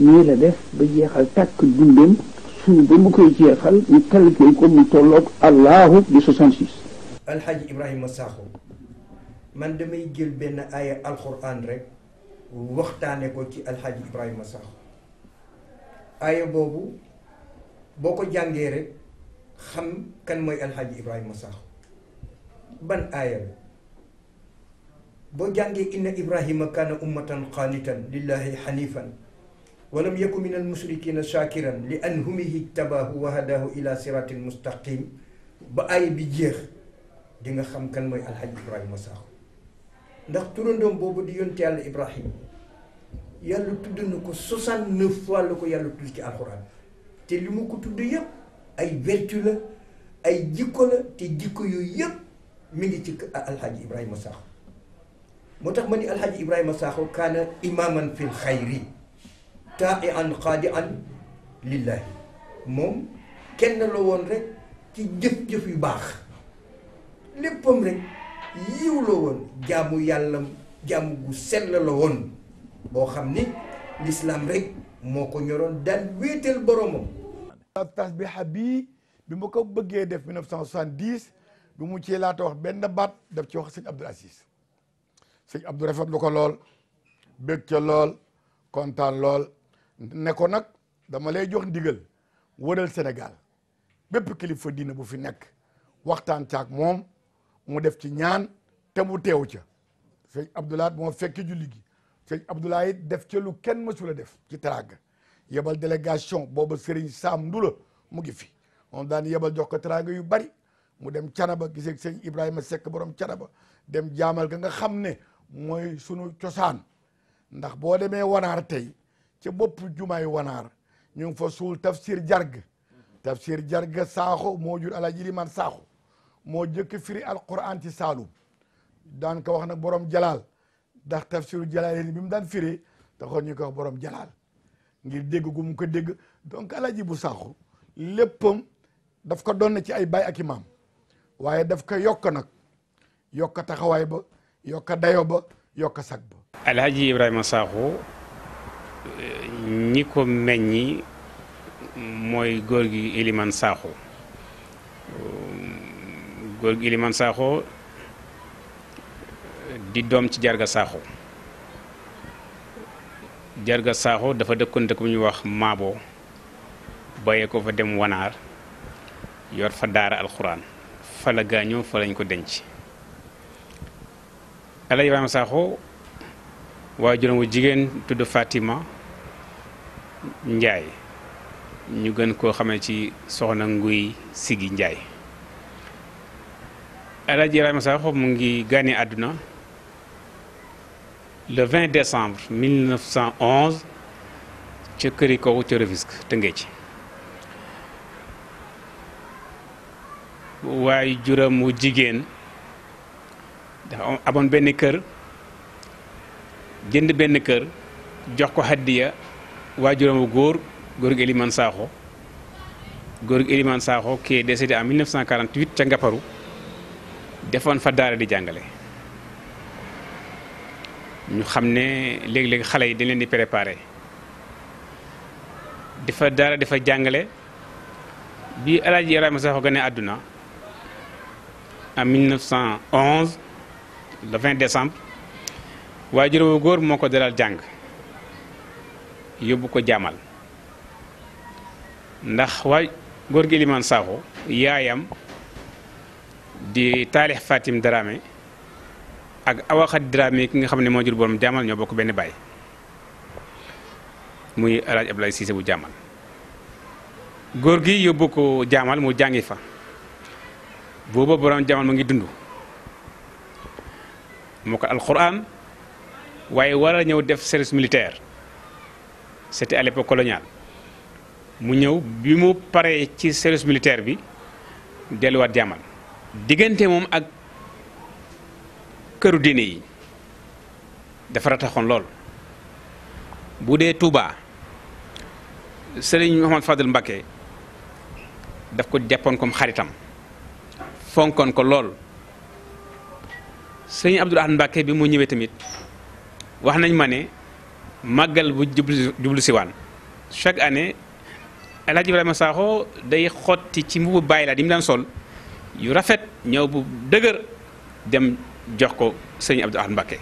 nii la def ba jeexal tàkk dundam suuf ba mu koy jeexal ñu calculé ko tolloog allahu di 66. Alxaaji Ibrahima Sakho man damay jël benn aaya alxuraan rek waxtaane ko ci Alxaaji Ibrahima Sakho aaya boobu boo ko jàngee rek xam kan mooy Alxaaji Ibrahima Sakho ban aaya boo jàngee inna Ibrahima kaana ummatan qaanitan lillahi xanifan walam yaku min al musrikina shakiran li anhumihi tabaahu wa hadaahu ila siratin mustaqim ba ay bi jeex di nga xam kan mooy alxaj ibrahima saaxo ndax turandoom boobu di yonte yàlla ibrahima yàlla tudd na ko 69 fois la ko yàlla tudd ci alxuraan te li mu ko tudd yëpp ay vertu la ay jikko la te jikko yooyu yëpp mi ngi ci alxaj ibrahima saaxo moo tax ma ni alxaj ibrahima saaxo kaana imaman fil xayri taa i an xaadi an lillaahi moom kenn la woon rek ci jëf-jëf yu baax léppam rek yiw la woon jaamu yàlla jàmm gu sell la woon boo xam ni lislaam rek moo ko ñoroon daan wéetal boromam tas bi habi bi ma ko bëggee def 1970 bi mu ci laata wax benn baat daf ci wax sëñ Abdou Aziz sëñ Abdou rafet lu ko lool bég ca lool kontaan lool ne ko nag dama lay jox ndigal wëral Sénégal bépp kilifa diina bu fi nekk waxtaan caak moom mu def ci ñaan te mu teew ca sëñ Abdoulaye moo fekki julli gi sëñ Abdoulaye def ca lu kenn mësula def ci teraanga yebal délégation booba Serigne Sam Ndula mu ngi fi moom daan yebal jox ko yu bari mu dem canaba gisee sëñ Ibrahima Seck borom ba dem jaamal ga nga xam ne mooy sunu cosaan ndax boo demee wanaar tey ca bopp jumaay wanaar ñu ngi fa suul tafsir jarg tafsir jarga saaxo moo jur alaaji liman saaxo moo jëkk firi alquran ci saalum daan ko wax nag boroom jalaal ndax tafsiru jalaal bi mu daan firi taxoon ñu ko wax borom jalaal ngir dégg gu mu ko dégg donc alaaji bu saaxo léppam daf ko doon ci ay baay ak i maam waaye daf ko yokk nag yokk taxawaay ba yokk dayo ba yokk sag ba alaaji ibrahima saaxo ñi ko meññi mooy góor gi Elimane Sakho góor gi Elimane Sakho di doom ci Jarga Sakho Jarga Sakho dafa dëkkoon dëkk bu ñuy wax Maabo bayee ko fa dem wanaar yor fa daara alxuraan fa la gaañoo fa lañ ko denc El Hadj waajuram wu jigéen tudd Fatima Njaay ñu gën koo xamee ci soxna nguy Sigi Njaay Alaaji Ibrahima Sakho mu ngi gane àdduna le 20 décembre 1911 ca këri kooku ca Rufisque Tëngéej ci waaye juram jigéen dafa amoon benn kër jënd benn kër jox ko haddiya waajuramu góor góor gi Eliman Sakho góor gi Eliman Sakho qui est décédé en 1948 ca Ngaparu defoon fa daara di jàngale. ñu xam ne léegi-léegi xale yi dañ leen di préparé dafa daara dafa jàngale bi El Hadj Ibrahima Sakho àdduna en 1911 le 20 décembre. waajur wu góor moo ko dalal jàng yóbbu ko jaamal ndax waay góor gi limaan saaxu yaayam di taalix Fatim Dramé ak awaxat Dramé ki nga xam ne moo jur borom jaamal ñoo bokk benn baay muy El Hadj Abdoulaye Cissé bu jaamal góor gi yóbbu ko jaamal mu jàngi fa booba borom jaamal mu ngi dund moo ko alquran waaye war a ñëw def service militaire c'était à l'époque mu ñëw bi mu paree ci service militaire bi delluwaat jàmmal diggante moom ak këru diine yi dafa rataxoon lool bu dee Touba Serigne Mouhamad Fadel Mbacké daf ko jàppoon comme xaritam fonkoon ko lool Serigne Abdoul Ahad Mbacké bi mu ñëwee tamit wax nañ ma ne màggal bu jublu jublu siwaan chaque année El Hadj Ibrahima Sakho day xotti ci mbubu bàyyi laa di mu daan sol yu rafet ñëw bu dëgër dem jox ko sëriñ Abdou Ahad Mbacké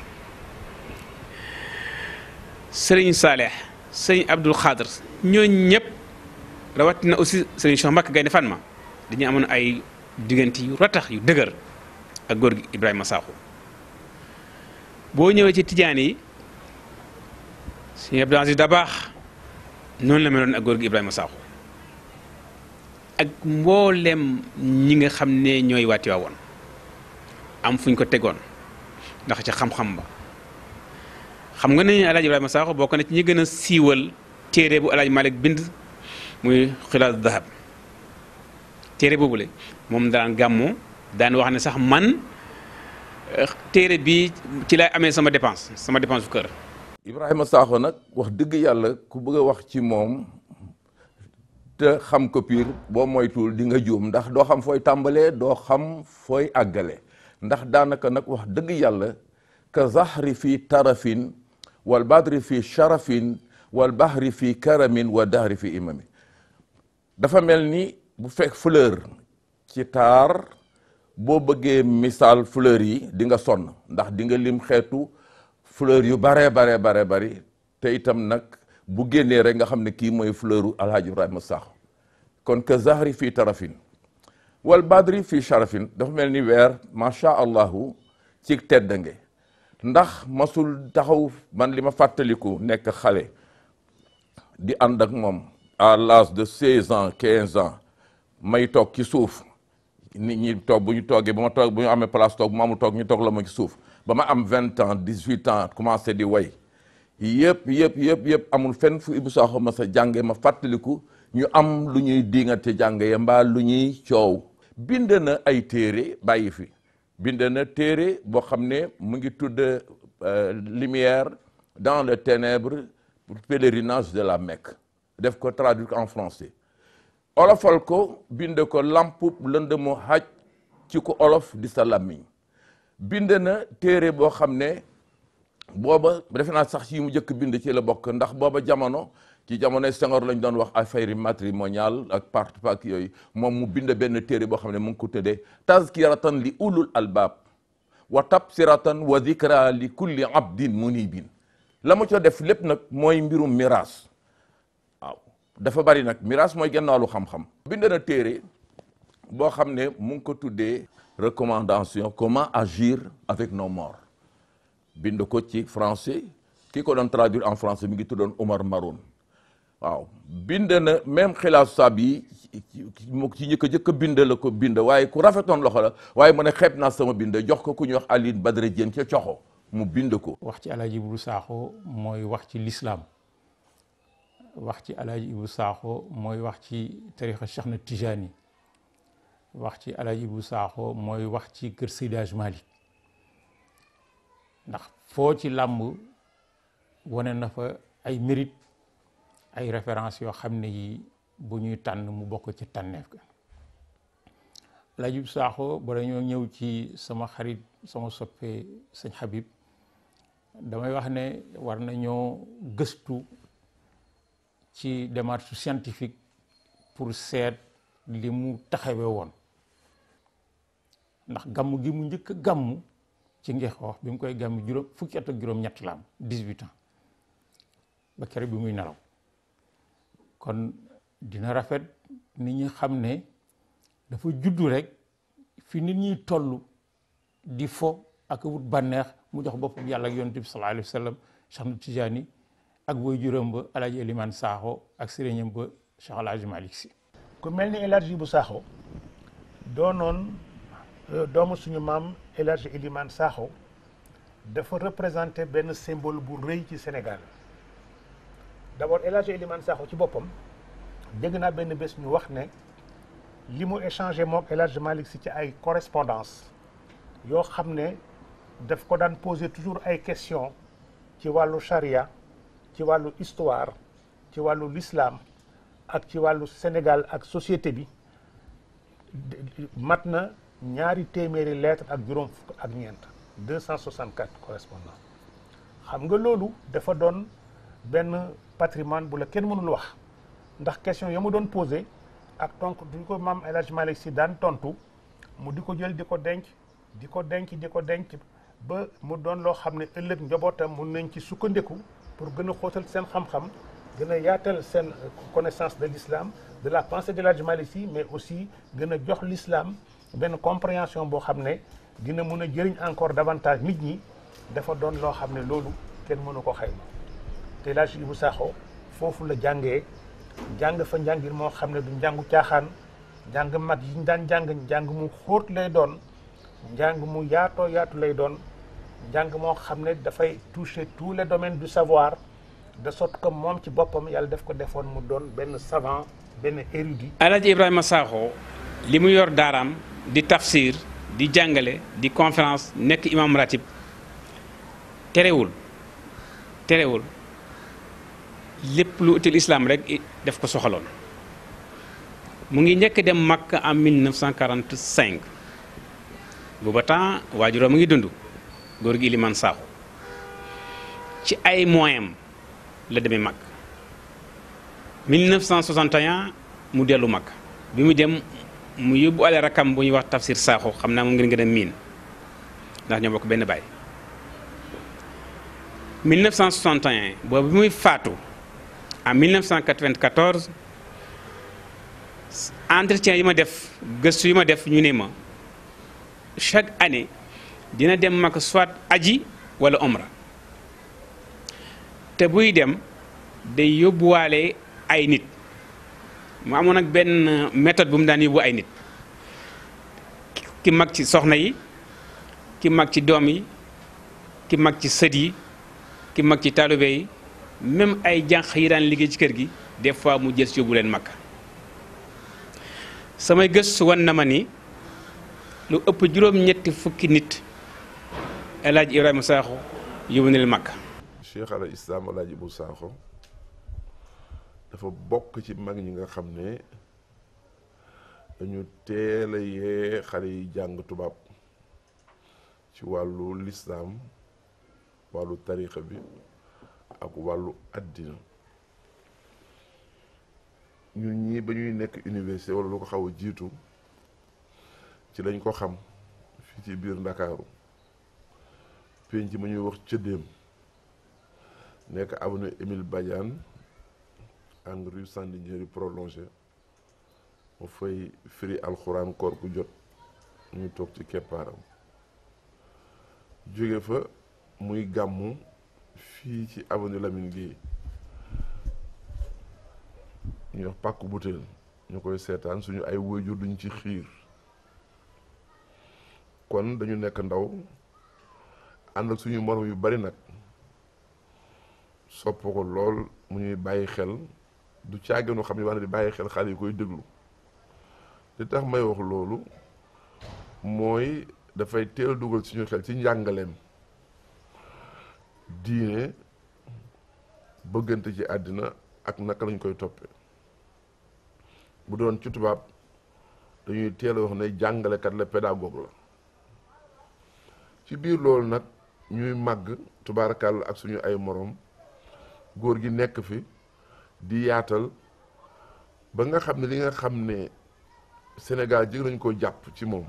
sëriñ Saaleex sëriñ Abdul Xaadir ñooñu ñëpp rawatina aussi sëriñ Cheikh Mbacké Gaynde Fatma dañu amoon ay diggante yu ratax yu dëgër ak góor gi Ibrahima Sakho boo ñëwee ci tijaan yi. sëñ Abdou da baax noonu la meloon ak góor gi Ibrahima Sakho ak mboolem ñi nga xam ne ñooy waa woon am fu ñu ko tegoon ndax ca xam-xam ba xam nga ne Alaaji Ibrahima Sakho bokk na ci ñi gën a siiwal téere bu Alaaji Malick bind muy xilaas dahab téere boobule moom daan gàmmoo daan wax ne sax man eh, téere bi ci laay amee sama dépense sama dépense bu kër Ibrahima Sakho nag wax dëgg yàlla ku bëgg a wax ci moom te xam ko piir boo moytuwul di nga juum ndax doo xam fooy tàmbalee doo xam fooy àggale ndax daanaka nag wax dëgg yàlla ka zahri fii tarafin wal badri fii sharafin wal bahri fii karamin wa dahri fii imami dafa mel ni bu fekk fleur ci taar boo bëggee misaal fleur yi dinga sonn ndax di lim xeetu fleur yu baree baree bare bari te itam nag bu génnee rek nga xam ne kii mooy fleuru alhaji ibrahima sax kon que fii tarafin wall badri fii sharafin dafa mel ni weer macha allahu ci teddange ndax masul taxaw man li ma fàttaliku nekk xale di ànd ak moom à l'âge de seize ans quinze ans may toog ci suuf nit ñi toog bu ñu toogee bu ma toog bu ñu amee place toog bu ma amul toog ñu toog la ma ci suuf ba ma am vingt ans dix huit ans commencé di way yëpp yëpp yëpp amul fenn fu Ibou Sakho ma sa jànge ma fàttaliku ñu am lu ñuy diingate jànge ya mbaa lu ñuy coow bind na ay téere bàyyi fi bind na téere boo xam ne mu ngi tudd euh, lumière dans les ténèbres pèlerinage de la Mecque def ko traduit en français olofal ko bind ko lampub lëndëmu haj ci ko olof di sa làmmiñ bind na téere boo xam ne booba defe naa sax yi mu njëkk bind ci la bokk ndax booba jamono ci jamonoy Senghor lañ doon wax affaire matrimoniale ak part pak yooyu moom mu bind benn téere boo xam ne mu ngi ko tëddee tazkiratan li ulul albab wa tabsiratan wa zikra li kulli abdin munibin la mu ca def lépp nag mooy mbirum miraas waaw dafa bari nag miraas mooy gennaalu xam-xam bind na téere boo xam ne mu ngi ko tuddee recommandation comment agir avec nos morts bind ko ci francais ki ko doon traduire en français mi ngi tuddoon Omar Maroun waaw bind na même xilaasu saab yi ci njëkk a njëkk a bind la ko bind waaye ku rafetoon loxo la waaye mu ne xeeb naa sama bind jox ko ku ñu wax Aline Badara Dieng ca coxo mu bind ko. wax ci El Hadj Ibou mooy wax ci lislaam wax ci El Hadj mooy wax ci tarixa Cheikh na Tijani. wax ci Alaaji bu Saaxo mooy wax ci kër Seydi Hadji ndax foo ci làmb wane na fa ay mérite ay référence yoo xam ne yi bu ñuy tànn mu bokk ci tànneef ga Alaaji bu Saaxo bala ñoo ñëw ci sama xarit sama soppee sëñ Habib damay wax ne war nañoo gëstu ci démarche scientifique pour seet li mu taxawe woon ndax gàmm gi mu njëkk a gàmm ci Ngexoox bi koy gàmm juróom fukki at ak juróom-ñett la am 18 ans ba keroog bi muy nelaw kon dina rafet ni ñi xam ne dafa juddu rek fi nit ñi toll di fo ak wut banneex mu jox bopp yàlla ak yonent bi sallallahu alayhi wa ak booy juróom ba El Hadj Elimane ak sëriñam ba Euh, doomu suñu maam El Hadj Elimane Sakho dafa représenté benn symbol bu rëy ci Sénégal d'abord El Hadj Elimane ci boppam dégg naa benn bés ñu wax ne li mu échangé moog El Hadj Malick Sy ci ay correspondance yoo xam ne daf ko daan poser toujours ay questions ci wàllu charia ci wàllu histoire ci wàllu l'islam ak ci wàllu Sénégal ak société bi mat na ñaari téeméeri lettre ak juróom ak ñeent 264 correspondance xam nga loolu dafa doon benn patrimoine bu la kenn mënul wax ndax question ya mu doon posé ak tonk du ko maam El Hadj Malick Sy daan tontu mu di ko jël di ko denc di ko denc di ko denc ba mu doon loo xam ne ëllëg njabootam mun nañ ci sukkandiku pour gën a xootal seen xam-xam gën a yaatal seen connaissance de l'islam de la pensée de El Hadj Malick mais aussi gën a jox l'islam benn compréhension boo xam ne dina mun a jëriñ encore davantage nit ñi dafa doon loo xam ne loolu kenn mënu ko xayma te El Hadj Ibou foofu la jàngee jàng fa njàngir moo xam ne du njàngu caaxaan njàng mag yi ñu daan jàng mu xóot lay doon njàng mu yaatoo yaatu lay doon njàng moo xam ne dafay toucher tous les domaines du savoir de sorte que moom ci boppam yàlla daf ko defoon mu doon benn savant benn érudit. El Hadj Ibrahima Sakho li mu yor daaraam. di tafsir di jàngale di conférence nekk imam ratib terewul terewul lépp lu util islam rek def ko soxaloon mu ngi njëkk dem Makka en 1945 booba temps waajuram mu ngi dund góor gi man Saaxu ci ay moyen la demee Makka 1961 mu dellu Makka bi mu dem mu yóbbu ale rakam bu ñuy wax tafsir saaxu xam naa moom ngeen gën a miin ndax ñoo bokk benn baay 1961 boobu muy faatu en 1994 entretien yi ma def gëstu yi ma def ñu ne ma chaque année dina dem Makka soit aji wala omra te buy dem day yóbbuwaale ay nit mu amoon nag benn méthode bu mu daan yóbbu ay nit ki mag ci soxna yi ki mag ci doom yi ki mag ci sët yi ki mag ci taalibe yi même ay jànq yi daan liggéey ci kër gi des fois mu jës yóbbu leen makka samay gëstu wanna ma ni lu ëpp juróom-ñetti fukki nit El Hadj Ibrahima Sakho yóbbu na leen makka. dafa bokk ci mag ñi nga xam ne dañu teel yee xale yi jàng tubaab ci wàllu listam wàllu tarixa bi ak wàllu àddina ñun ñii ba ñuy nekk université wala lu ko xaw a jiitu ci lañ ko xam fii ci biir ndakaaru penc ma ñuy wax cëddeem nekk avenue Émile Badiane en rue Sandiniéry prolongé mu fay firi alxuraan koor gu jot ñu toog ci keppaaram jóge fa muy gàmmu fii ci avenue Lamine Guèye ñu wax pàkku butéel ñu koy seetaan suñu ay waajur duñ ci xiir kon dañu nekk ndaw ànd ak suñu morom yu bari nag sopp ko lool mu ñuy bàyyi xel du caaginu xam ne war di bàyyi xel xale yi koy déglu li tax may wax loolu mooy dafay teel dugal suñu xel ci njàngaleem diine bëggante ci àddina ak naka lañ koy toppee bu doon ci tubaab dañuy teel a wax na jàngalekat la pédagogue la ci biir loolu nag ñuy màgg tubaarakàll ak suñu ay moroom góor gi nekk fi di yaatal ba nga xam ne li nga xam ne Sénégal jëkk nañ ko jàpp ci moom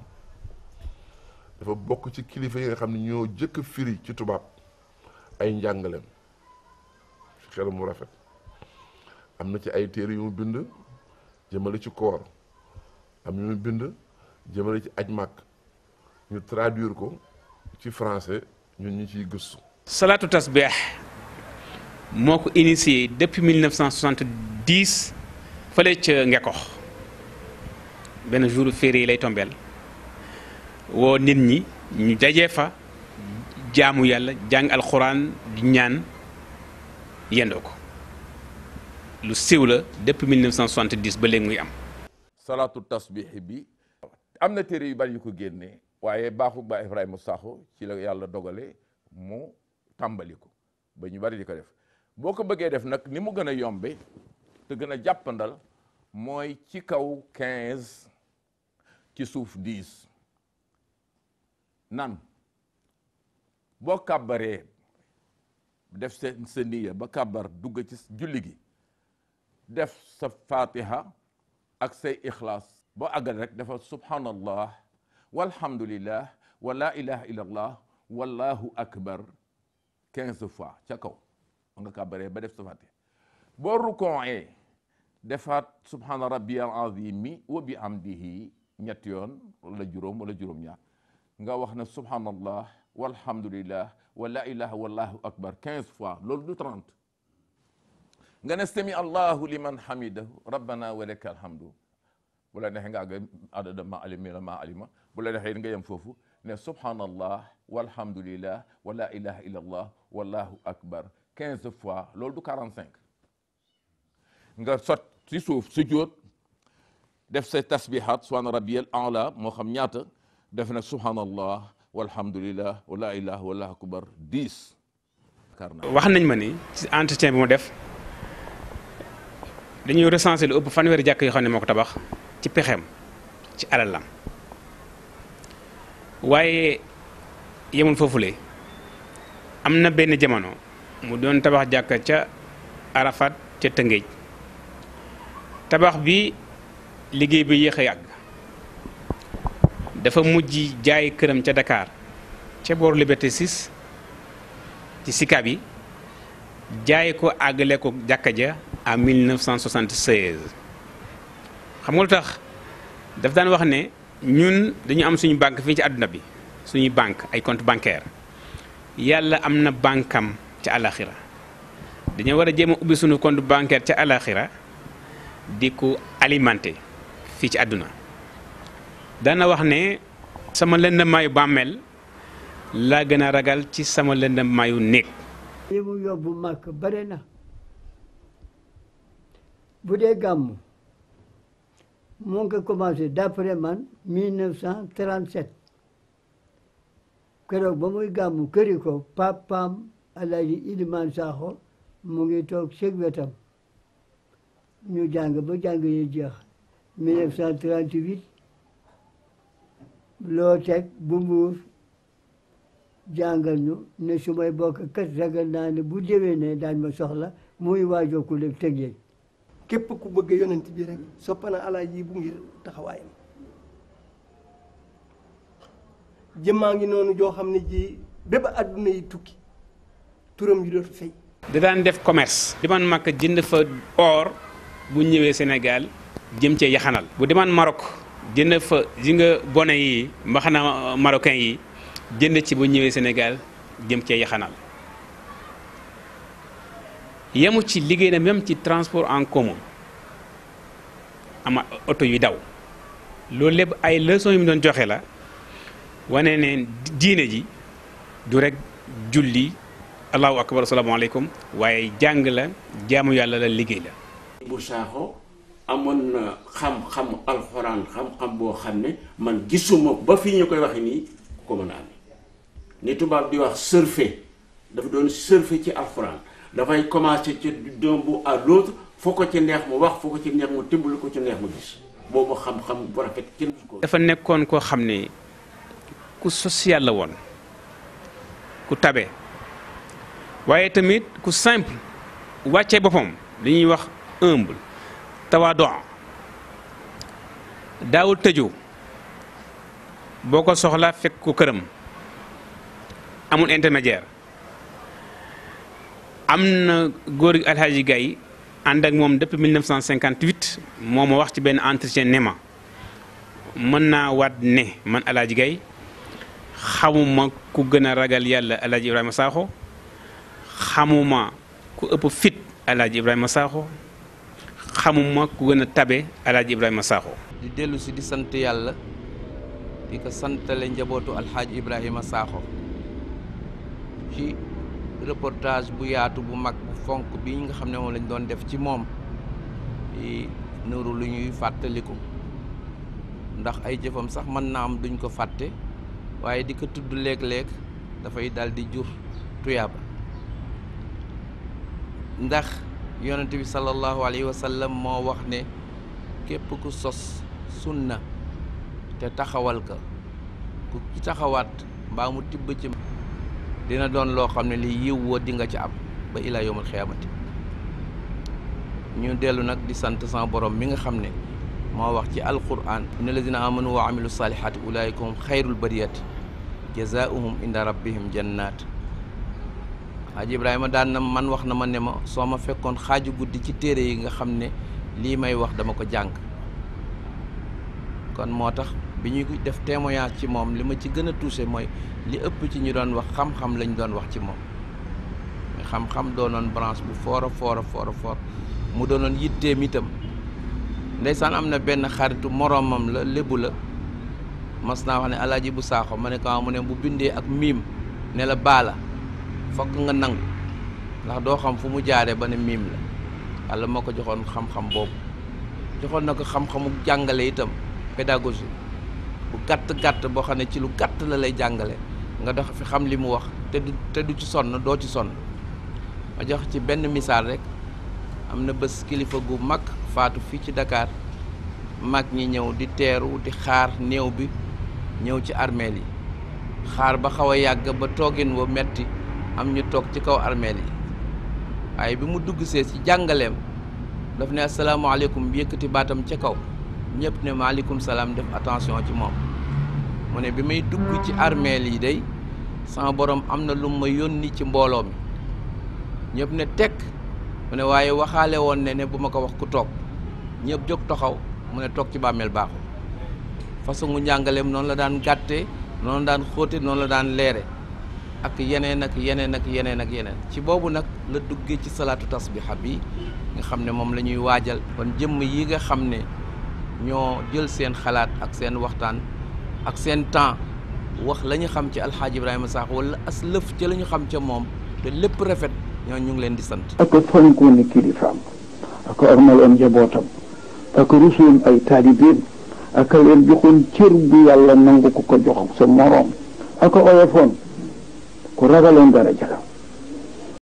dafa bokk ci kilifa yi nga xam ne ñoo jëkk firi ci tubaab ay njàngaleem ci xel mu rafet am na ci ay téere yu mu bind jëmale ci koor am yu mu bind jëmale ci aj màkk ñu traduire ko ci français ñu ñu ciy gëstu. salaatu tasbih moo ko initié depuis 1970 fële ca Ngekox benn jour férié lay tombeel woo nit ñi ñu dajee fa jaamu yàlla jàng alxuraan ñaan yendoo ko lu siiw la depuis 1970 ba léegi muy am. salaatu tasbih bi. am na téere yu bari yu ko génne waaye baaxu ba Ibrahima Sakho ci la yàlla dogale mu tàmbali ko ba ñu bari di ko def. boo ko bëggee def nag ni mu gën a yombe te gën a jàppandal mooy ci kaw quinze ci suuf diis nan boo kàbbaree def sa ba kàbbar dugga ci julli def sa faatiha ak say ixlaas boo àggal rek defa subhanallah walhamdulillah wa la ilaha illa allah wallahu akbar quinze fois ca kaw nga kàbbaree ba def sa fàtte boo rukoonee defaat subhaana rabbiyal azimi wa bi amdihi ñetti yoon wala juróom wala juróom-ñaar nga wax ne subhaanallah walhamdulillah wa la ilaha wallahu akbar quinze fois loolu du trente nga ne sami allahu liman hamidahu rabbana wa laka alhamdu bu la neexee nga àgg adada ma alima ma alima bu la neexee nga yem foofu ne subhaanallah walhamdulillah wa la ilaha illa allah wallahu akbar quinze loolu du quarante cinq nga sot si suuf si jóot def sa tasbihat subhaana rabbiyal a'la moo xam ñaata def nag subhaanallah walhamdulillah wala ilaha wala akbar dix wax nañ ma ni si entretien bi mu def dañuy recensé lu ëpp fanweeri jàkk yoo xam ne moo ko tabax ci pexeem ci alalam waaye yemul foofule am na benn jamono mu doon tabax jàkka ca Arafat ca Tëngéej tabax bi liggéey bi yéex a yàgg dafa mujj jaay këram ca Dakar ca boor Liberté 6 ci Sicap bi jaay ko àggale ko jàkka ja en 1976 xam tax daf daan wax ne ñun dañu am suñu banque fii ci àdduna bi suñuy bànk ay compte bancaire yàlla am na bànkam ca àlaxira dañoo war a jéem a ubbi sunu compte bancaire ca àlaxira di ko alimenté fii ci àdduna dana wax ne sama lëndëm maayu bàmmeel laa gën a ragal ci sama lëndëm maayu néeg li mu yóbbu màkk bare na bu dee gàmmu moo ko commencé d'après man 1937 keroog ba muy gàmmu këri ko papaam Alaaji Ilimaan Saaxo mu ngi toog sëg wetam ñu jàng ba jàng yi jeex 1938 loo teg bu mbuur jàngal ñu ne su may bokk kat ragal naa bu déwee ne daañ ma soxla muy waajooku lépp teg yeeg képp ku bëgg yonent bi rek soppana Alaaji yi bu ngir taxawaayam maa ngi noonu joo xam ne ji bépp adduna yi tukki turam da daan def commerce. demaan Makka jënd fa or bu ñëwee Sénégal jëm cee yaxanal. bu demaan Maroc jënd fa ji nga bone yi mbaxana marocain yi jënd ci bu ñëwee Sénégal jëm ce yaxanal yemu ci liggéey na même ci transport en commun ama oto yu daw loolu lépp ay leçons yu doon joxe la wane ne diine ji du rekk julli. allahu akbar asalaamaaleykum waaye jàng la jaamu yàlla la liggéey la. bu saaxo amoon na xam-xam alxuraan xam-xam boo xam ne man gisuma ba fii ñu koy waxee nii ko mën a amee ni tubaab di wax surfer dafa doon surfer ci alxuraan dafay commencer ci d'un bout à l'autre foo ko ci neex mu wax foo ko ci neex mu tibblu ko ci neex mu gis boobu xam-xam bu rafet kenn ko. dafa nekkoon koo xam ne ku social la woon ku tabe. waaye tamit ku simple wàccee boppam li ñuy wax humble tawaadon daawul tëju boo ko soxlaa fekk ko këram amul intermédiaire am na góor gi Alxaaji Gaye ànd ak moom depuis 1958 moo ma wax ci benn entretien ne ma mën naa waat ne man Alxaaji Gaye xamuma ku gën a ragal yàlla Alxaaji Ibrahima Sakho xamuma ku ëpp fit alaaji Ibrahima Sakho xamuma ku gën a tabe alaaji Ibrahima Sakho di dellusi di sant yàlla di ko santale njabootu alxaaj Ibrahima Sakho ci reportage bu yaatu bu mag bu fonk bi nga xam ne moom lañ doon def ci moom i nuru lu ñuy fàttaliku ndax ay jëfam sax mën naa am duñ ko fàtte waaye di ko tudd léeg-léeg dafay dal di jur tuyaaba ndax yonent bi sallallahu alayhi wa sallam moo wax ne képp ku sos sunna te taxawal ka ku ci taxawaat mbaa mu tibb ci dina doon loo xam ne li yiw woo di nga ci am ba ilaa yawmal xiyaamati ñu dellu nag di sant sama borom mi nga xam ne moo wax ci alquran inna alladina amanu wa amilu salihaati ulaaika hum xayrul bariyati jazaauhum inda rabbihim jannaat Haji Ibrahima daan na man wax na ma ne ma soo ma fekkoon xaaju guddi ci téere yi nga xam ne lii may wax dama ko jàng kon moo tax bi ñuy def témoignage ci moom li ma ci gën a touché mooy li ëpp ci ñu doon wax xam lañ doon wax ci moom xam-xam doonoon branche bu foor a foora a foor mu doonoon yitteem itam ndeysaan am na benn xaritu moroomam la lébu la mas naa wax ne alaaji bu saaxo ma ne ko mu ne bu bindee ak miim ne la baala fokk nga nangu ndax doo xam fu mu jaaree ba ne miim la yàlla moo ko joxoon xam-xam boobu joxoon na ko xam-xamu jàngale itam pédagogie bu gàtt-gàtt boo xam ne ci lu gàtt la lay jàngale nga dox fi xam li mu wax te du te du ci sonn doo ci sonn ma jox ci benn misaal rek am na bés kilifa gu mag faatu fii ci Dakar mag ñi ñëw di teeru di xaar néew bi ñëw ci armeel yi xaar ba xaw a yàgg ba toogin wa metti am ñu toog ci kaw armeel yi waaye bi mu dugg see ci jàngaleem daf ne asalaamaaleykum bi yëkkati baatam ci kaw ñëpp ne maaleykum salaam def attention ci moom mu ne bi may dugg ci armeel yi day sama borom am na lu ma yónni ci mbooloo mi ñëpp ne tekk mu ne waaye waxaale woon ne ne bu ma ko wax ku toog ñëpp jóg taxaw mu ne toog ci bàmmeel baaxul façon njàngaleem noonu la daan gàtte noonu la daan xóote noonu la daan leere ak yeneen ak yeneen ak yeneen ak yeneen ci boobu nag la duggee ci salaatu tasbiha bi nga xam ne moom la ñuy waajal kon jëmm yi nga xam ne ñoo jël seen xalaat ak seen waxtaan ak seen temps wax la ñu xam ci alxaaji Ibrahima Sakho wala as lëf ca la ñu xam ca moom te lépp rafet ñoo ñu ngi leen di sant ak fonkoon ni kilifaam ak ormaloon njabootam ak rusuloon ay taalibeem ak leen joxoon cër bu yàlla nangu ko ko jox sa moroom ak oyofoon ku ragaloon daraja la